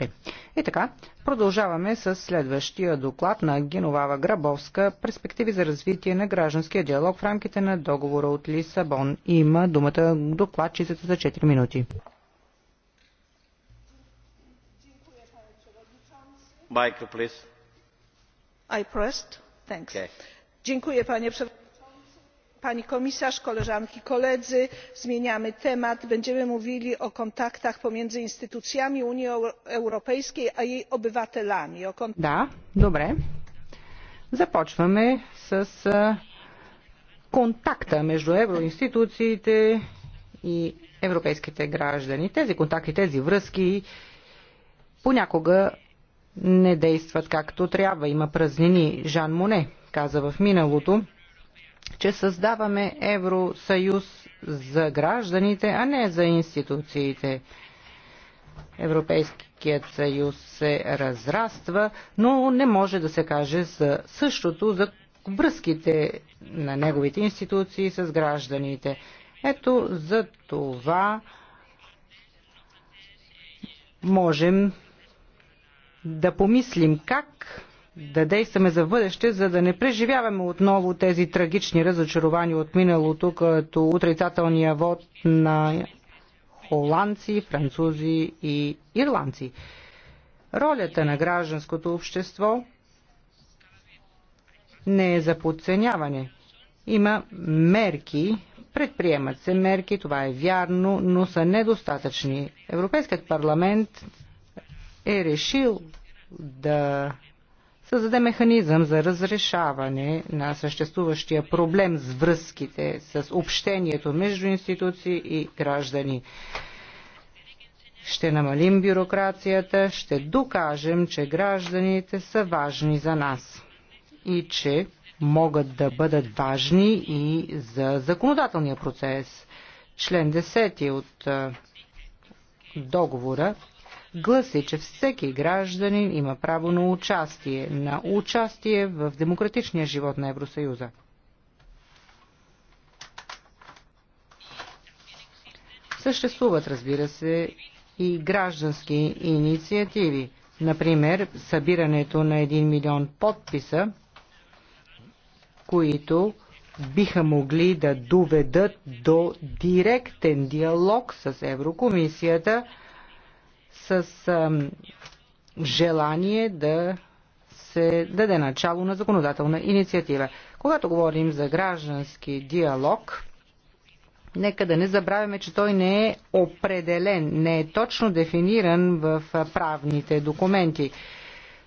Е. И е така, продължаваме с следващия доклад на Геновава Грабовска «Перспективи за развитие на гражданския диалог в рамките на договора от Лисабон». Има думата докладчицата за 4 минути. Micro, please. I pressed. Thanks. Okay. Dziękuję, panie przewodniczący pani komisarz! koleżanki i koledzy! zmieniamy temat będziemy mówili o kontaktach pomiędzy instytucjami unii europejskiej a jej obywatelami. започваме с контакта между евроинституциите и европейските граждани. Тези контакти, тези връзки понякога не действат както трябва. Има празнини. Жан Моне каза в миналото, че създаваме Евросъюз за гражданите, а не за институциите. Европейският съюз се разраства, но не може да се каже за същото за връзките на неговите институции с гражданите. Ето за това можем да помислим как да действаме за бъдеще, за да не преживяваме отново тези трагични разочарования от миналото, като отрицателния вод на холандци, французи и ирландци. Ролята на гражданското общество не е за подценяване. Има мерки, предприемат се мерки, това е вярно, но са недостатъчни. Европейският парламент е решил да създаде механизъм за разрешаване на съществуващия проблем с връзките, с общението между институции и граждани. Ще намалим бюрокрацията, ще докажем, че гражданите са важни за нас и че могат да бъдат важни и за законодателния процес. Член 10 от договора гласи, че всеки гражданин има право на участие, на участие в демократичния живот на Евросъюза. Съществуват, разбира се, и граждански инициативи. Например, събирането на 1 милион подписа, които биха могли да доведат до директен диалог с Еврокомисията – с желание да се даде начало на законодателна инициатива. Когато говорим за граждански диалог, нека да не забравяме, че той не е определен, не е точно дефиниран в правните документи.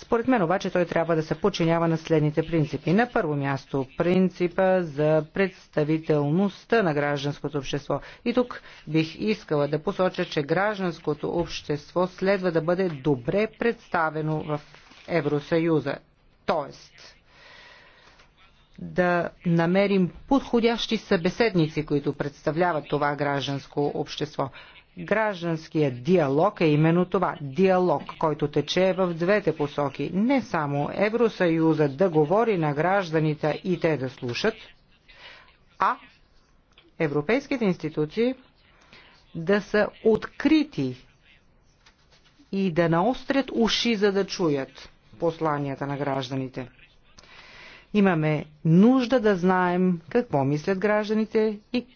Според мен обаче той трябва да се подчинява на следните принципи. На първо място принципа за представителността на гражданското общество. И тук бих искала да посоча, че гражданското общество следва да бъде добре представено в Евросъюза. Тоест, да намерим подходящи събеседници, които представляват това гражданско общество. Гражданският диалог е именно това. Диалог, който тече в двете посоки. Не само Евросъюза да говори на гражданите и те да слушат, а европейските институции да са открити и да наострят уши, за да чуят посланията на гражданите. Имаме нужда да знаем какво мислят гражданите и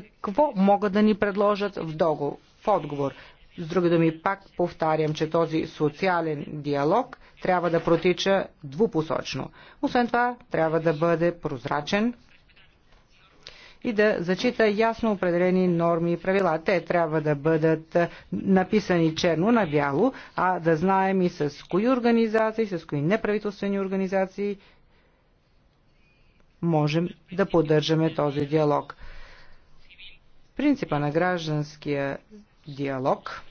какво могат да ни предложат в, договор, в отговор. С други думи, пак повтарям, че този социален диалог трябва да протича двупосочно. Освен това, трябва да бъде прозрачен и да зачита ясно определени норми и правила. Те трябва да бъдат написани черно на бяло, а да знаем и с кои организации, с кои неправителствени организации можем да поддържаме този диалог принципа на гражданския диалог,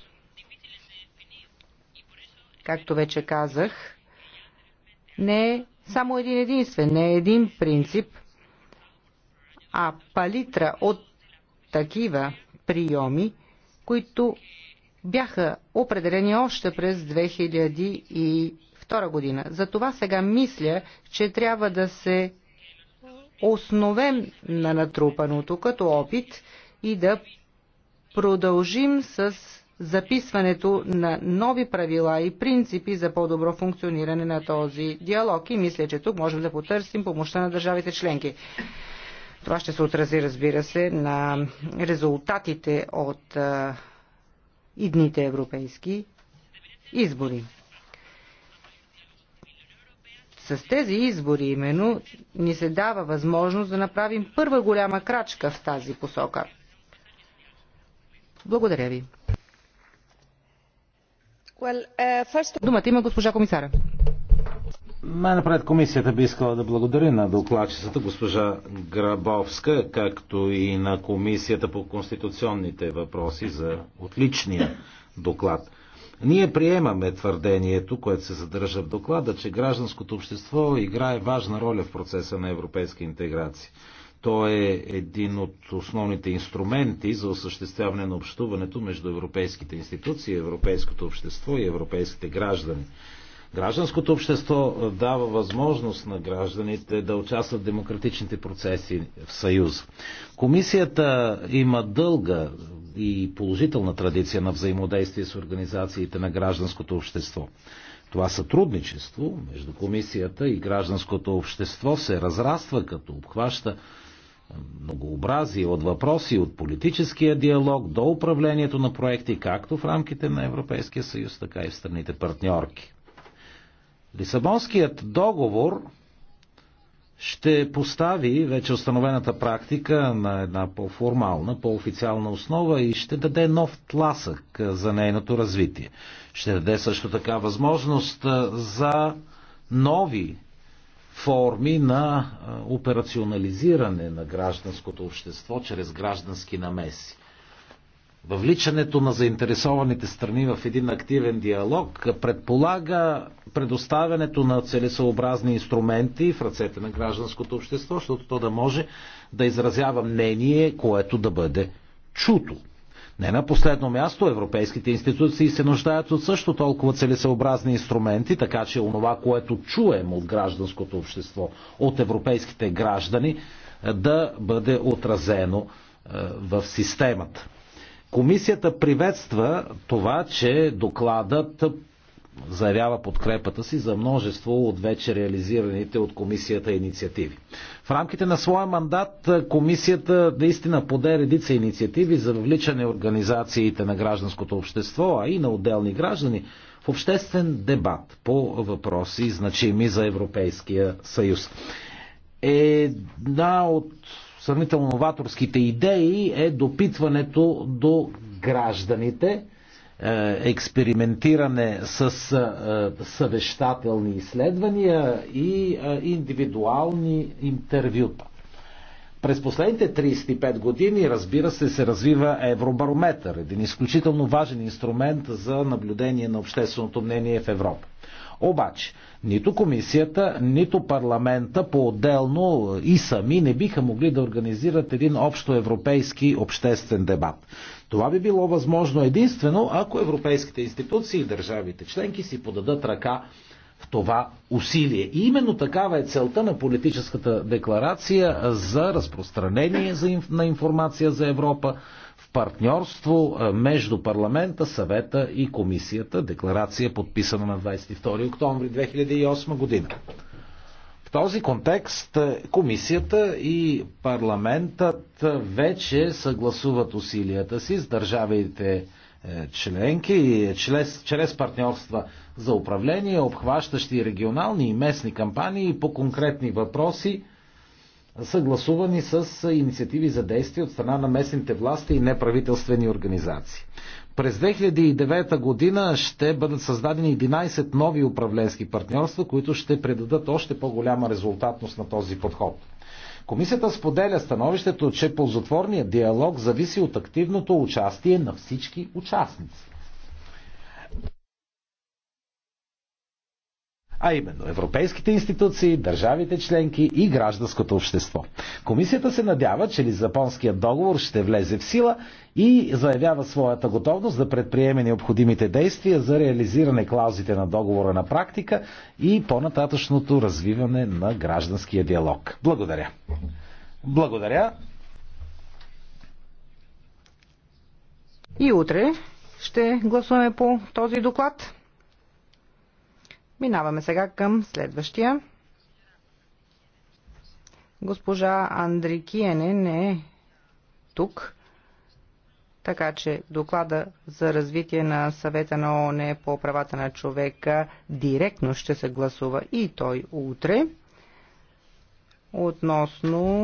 както вече казах, не е само един единствен, не е един принцип, а палитра от такива приеми, които бяха определени още през 2002 година. Затова сега мисля, че трябва да се основем на натрупаното като опит и да продължим с записването на нови правила и принципи за по-добро функциониране на този диалог. И мисля, че тук можем да потърсим помощта на държавите членки. Това ще се отрази, разбира се, на резултатите от а, идните европейски избори. С тези избори именно ни се дава възможност да направим първа голяма крачка в тази посока – благодаря ви. Uh, Думата има госпожа комисара. Най-напред комисията би искала да благодари на докладчицата госпожа Грабовска, както и на комисията по конституционните въпроси за отличния доклад. Ние приемаме твърдението, което се задържа в доклада, че гражданското общество играе важна роля в процеса на европейска интеграция. Той е един от основните инструменти за осъществяване на общуването между европейските институции, европейското общество и европейските граждани. Гражданското общество дава възможност на гражданите да участват в демократичните процеси в Съюз. Комисията има дълга и положителна традиция на взаимодействие с организациите на гражданското общество. Това сътрудничество между комисията и гражданското общество се разраства, като обхваща многообразие от въпроси от политическия диалог до управлението на проекти, както в рамките на Европейския съюз, така и в страните партньорки. Лисабонският договор ще постави вече установената практика на една по-формална, по-официална основа и ще даде нов тласък за нейното развитие. Ще даде също така възможност за нови форми на операционализиране на гражданското общество чрез граждански намеси. Въвличането на заинтересованите страни в един активен диалог предполага предоставянето на целесообразни инструменти в ръцете на гражданското общество, защото то да може да изразява мнение, което да бъде чуто. Не на последно място, европейските институции се нуждаят от също толкова целесъобразни инструменти, така че онова, което чуем от гражданското общество, от европейските граждани, да бъде отразено е, в системата. Комисията приветства това, че докладът заявява подкрепата си за множество от вече реализираните от комисията инициативи. В рамките на своя мандат е, комисията наистина поде редица инициативи за въвличане организациите на гражданското общество, а и на отделни граждани в обществен дебат по въпроси значими за Европейския съюз. Една от сравнително новаторските идеи е допитването до гражданите – е, експериментиране с е, съвещателни изследвания и е, индивидуални интервюта. През последните 35 години, разбира се, се развива Евробарометър, един изключително важен инструмент за наблюдение на общественото мнение в Европа. Обаче, нито комисията, нито парламента по-отделно и сами не биха могли да организират един общо европейски обществен дебат. Това би било възможно единствено, ако европейските институции и държавите членки си подадат ръка в това усилие. И именно такава е целта на политическата декларация за разпространение на информация за Европа, партньорство между парламента, съвета и комисията. Декларация подписана на 22 октомври 2008 година. В този контекст комисията и парламентът вече съгласуват усилията си с държавите е, членки и е, чрез, чрез партньорства за управление, обхващащи регионални и местни кампании по конкретни въпроси, съгласувани с инициативи за действие от страна на местните власти и неправителствени организации. През 2009 година ще бъдат създадени 11 нови управленски партньорства, които ще предадат още по-голяма резултатност на този подход. Комисията споделя становището, че ползотворният диалог зависи от активното участие на всички участници. а именно европейските институции, държавите членки и гражданското общество. Комисията се надява, че Лизапонският договор ще влезе в сила и заявява своята готовност да предприеме необходимите действия за реализиране клаузите на договора на практика и по-нататъчното развиване на гражданския диалог. Благодаря. Благодаря. И утре ще гласуваме по този доклад. Минаваме сега към следващия. Госпожа Андрикиене не е тук, така че доклада за развитие на съвета на ООН по правата на човека директно ще се гласува и той утре относно